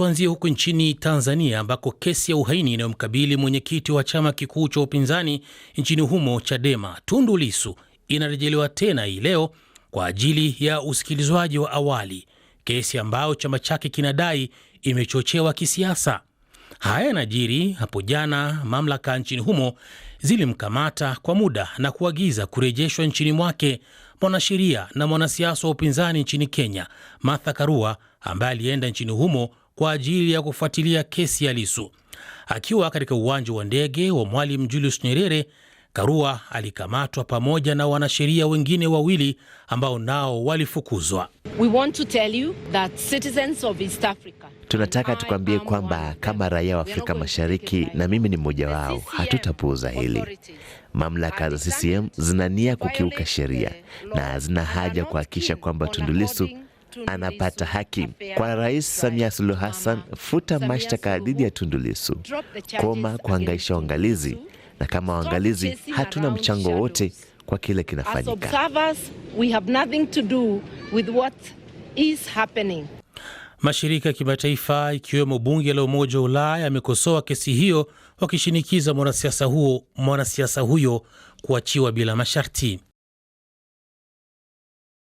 Tuanzie huko nchini Tanzania ambako kesi ya uhaini inayomkabili mwenyekiti wa chama kikuu cha upinzani nchini humo Chadema Tundu Lisu inarejelewa tena hii leo kwa ajili ya usikilizwaji wa awali, kesi ambayo chama chake kinadai imechochewa kisiasa. Haya yanajiri hapo jana mamlaka nchini humo zilimkamata kwa muda na kuagiza kurejeshwa nchini mwake mwanasheria na mwanasiasa wa upinzani nchini Kenya, Martha Karua, ambaye alienda nchini humo kwa ajili ya kufuatilia kesi ya Lisu. Akiwa katika uwanja wa ndege wa Mwalimu Julius Nyerere Karua alikamatwa pamoja na wanasheria wengine wawili ambao nao walifukuzwa. We want to tell you that citizens of East Africa Tunataka tukwambie kwamba kama raia wa Afrika Mashariki, na mimi ni mmoja wao, hatutapuuza hili. Mamlaka za CCM zina nia kukiuka sheria na zina haja kuhakikisha kwamba Tundu Lissu anapata haki. Kwa Rais Samia Suluhu Hassan, futa mashtaka dhidi ya Tundu Lissu, koma kuhangaisha uangalizi na kama waangalizi hatuna mchango wote kwa kile kinafanyika. Mashirika ya kimataifa ikiwemo bunge la Umoja wa Ulaya yamekosoa kesi hiyo wakishinikiza mwanasiasa huyo kuachiwa bila masharti.